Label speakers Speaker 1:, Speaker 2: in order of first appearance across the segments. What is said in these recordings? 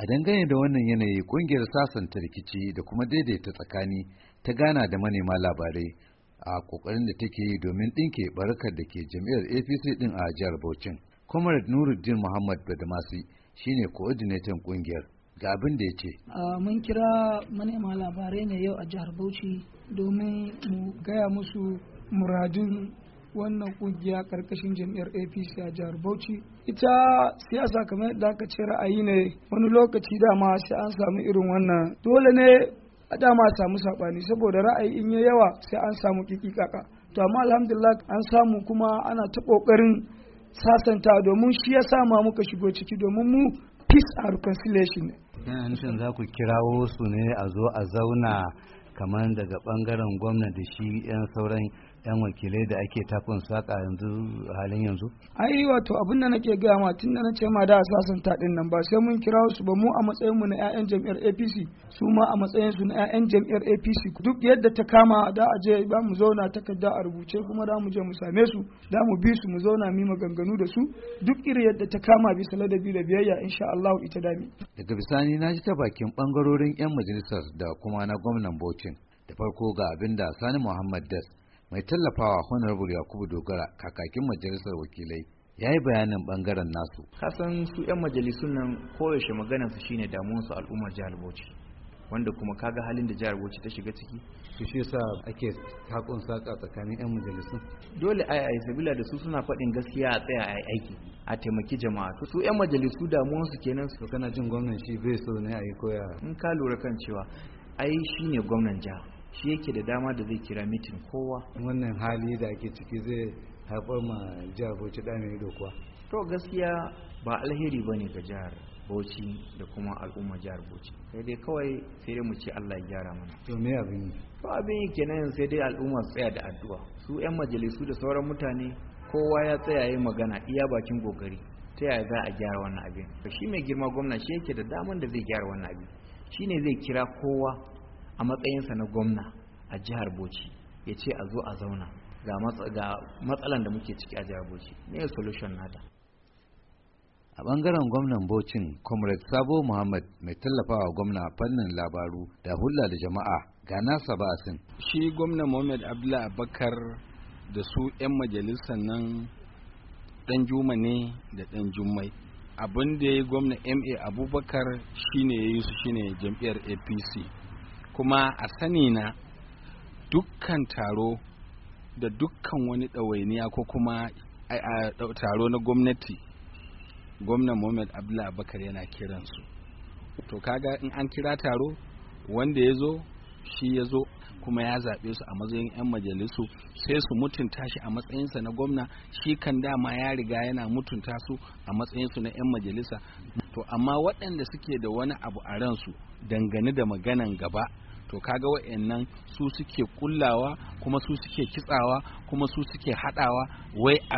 Speaker 1: a dangane da wannan yanayi kungiyar sasanta rikici da kuma daidaita tsakani ta gana da manema labarai a kokarin da take yi domin ɗinke barakar da ke jami'ar apc din a jihar Bauchi, comrade nuruddin muhammad badamasi shine coordinating kungiyar ga abin da ya ce
Speaker 2: mun kira manema labarai ne yau a jihar bauchi domin mu gaya musu muradun wannan kungiya karkashin jam'iyyar apc a jihar bauchi ita siyasa kamar da aka ce ra'ayi ne wani lokaci dama sai an samu irin wannan dole ne a dama samu saɓani saboda ra'ayi in ya yawa sai an samu kikikaka to amma alhamdulillah an samu kuma ana ta ƙoƙarin sasanta domin shi ya sama muka shigo ciki domin mu peace and reconciliation
Speaker 1: yana nufin za ku kirawo su ne a zo a zauna kamar daga bangaren gwamna da shi 'yan sauran yan wakilai da ake takon saka yanzu halin yanzu
Speaker 2: ai wato abin da nake gaya ma tun da na ce ma da sasanta din nan ba sai mun kira su ba mu a matsayin mu na 'ya'yan jam'iyyar APC su ma a matsayin su na 'ya'yan jam'iyyar APC duk yadda ta kama da a je ba mu zauna takarda a rubuce kuma da mu je mu same su da mu bi su mu zauna mu maganganu da su duk iri yadda ta kama bisa ladabi da biyayya insha Allah ita dami
Speaker 1: daga bisani na ji ta bakin bangarorin 'yan majalisar da kuma na gwamnan bauchi da farko ga abinda Sani Muhammad Das mai tallafawa honorable yakubu dogara kakakin majalisar wakilai ya yi bayanin bangaren nasu kasan su 'yan majalisun nan koyaushe maganarsu
Speaker 3: shine damuwarsu al'ummar jihar bauchi wanda kuma kaga halin da jihar bauchi ta shiga ciki su shi yasa ake takon saka tsakanin yan majalisun dole ai ai sabila da su suna faɗin gaskiya a tsaya ai aiki a taimaki jama'a to su yan majalisu damuwar su kenan su kana jin gwamnan shi bai so ne a yi koya in ka lura kan cewa ai shine gwamnan Jihar? shi yake da dama da zai kira mitin kowa wannan hali da ake ciki zai haifar ma jihar bauchi da mai ido kuwa to gaskiya ba alheri ba ne ga jihar bauchi da kuma al'umma jihar bauchi sai dai kawai sai dai mu ce allah ya gyara mana
Speaker 1: to me abin yi
Speaker 3: to abin yi kenan sai dai al'umma su tsaya da addu'a su yan majalisu da sauran mutane kowa ya tsaya yi magana iya bakin gogari ta yaya za a gyara wannan abin shi mai girma gwamna shi yake da daman da zai gyara wannan abin ne zai kira kowa a matsayinsa na gwamna a jihar bauchi ya ce a zo a zauna ga matsalan da muke ciki a jihar bauchi ne solution nata
Speaker 1: a bangaren gwamnan bocin comrade sabo muhammad mai tallafawa gwamna fannin labaru da hulla da jama'a ga nasa basin
Speaker 4: shi gwamna muhammad abdullahi abakar da su 'yan majalisar nan dan juma ne da dan jummai abin da ya yi gwamna ma abubakar shine ya yi su shine jam'iyyar apc kuma a sani na dukkan taro da dukkan wani ɗawainiya ko kuma a taro na gwamnati gwamnan mohamed Abdullahi Abubakar yana kiransu to kaga in an kira taro wanda ya zo shi ya zo kuma ya zaɓe su a matsayin 'yan majalisu sai su mutunta shi a matsayinsa na gwamna shi kan dama ya riga yana mutunta su a matsayinsu na 'yan majalisa to amma waɗanda suke da wani abu a ransu dangane da maganan gaba to kaga wa'annan su suke kullawa kuma su suke kitsawa kuma su suke hadawa wai a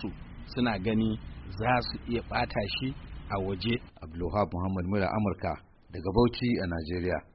Speaker 4: su suna gani za su iya bata shi a waje abdulhab muhammad mura
Speaker 1: amurka daga bauchi a najeriya